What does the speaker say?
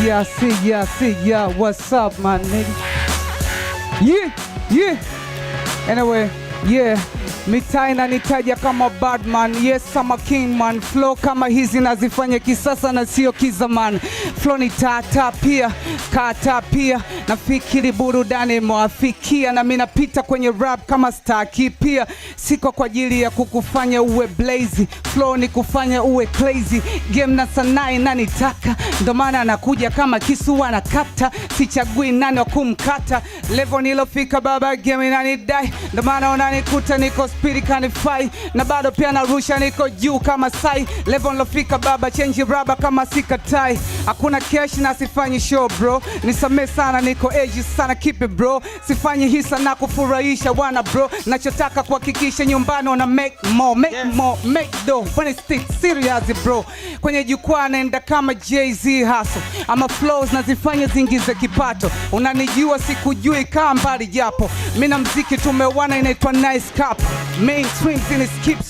Yeah, see ya, see ya. What's up, my nigga? Yeah, yeah. Anyway, yeah. mitaa inanitaja kama badman, yes ama kingman. Flow kama hizi nazifanya kisasa na sio kizamani. Flow ni tata pia kata pia, nafikiri burudani mwafikia, na mimi napita kwenye rap kama staki pia. Siko kwa ajili ya kukufanya uwe blazy, flow ni kufanya uwe crazy. Game na sanaa inanitaka, ndo maana anakuja kama kisu kata sichagui nani wa kumkata. Level nilofika baba, game inanidai, ndo maana unanikuta niko spirit can kanifai na bado pia narusha, niko juu kama sai, level nilofika baba, change rubber kama sika tie hakuna cash na sifanyi show bro, nisame sana, niko age sana, keep it bro, sifanyi hisa na kufurahisha wana bro, nachotaka kuhakikisha nyumbani una make more, make yeah. more, make dough when it stick serious bro, kwenye jukwaa naenda kama Jay-Z hustle, ama flows na nazifanya zingize kipato, unanijua sikujui, kama mbali japo, mimi na mziki tumewana, inaitwa nice cup Main swings and it skips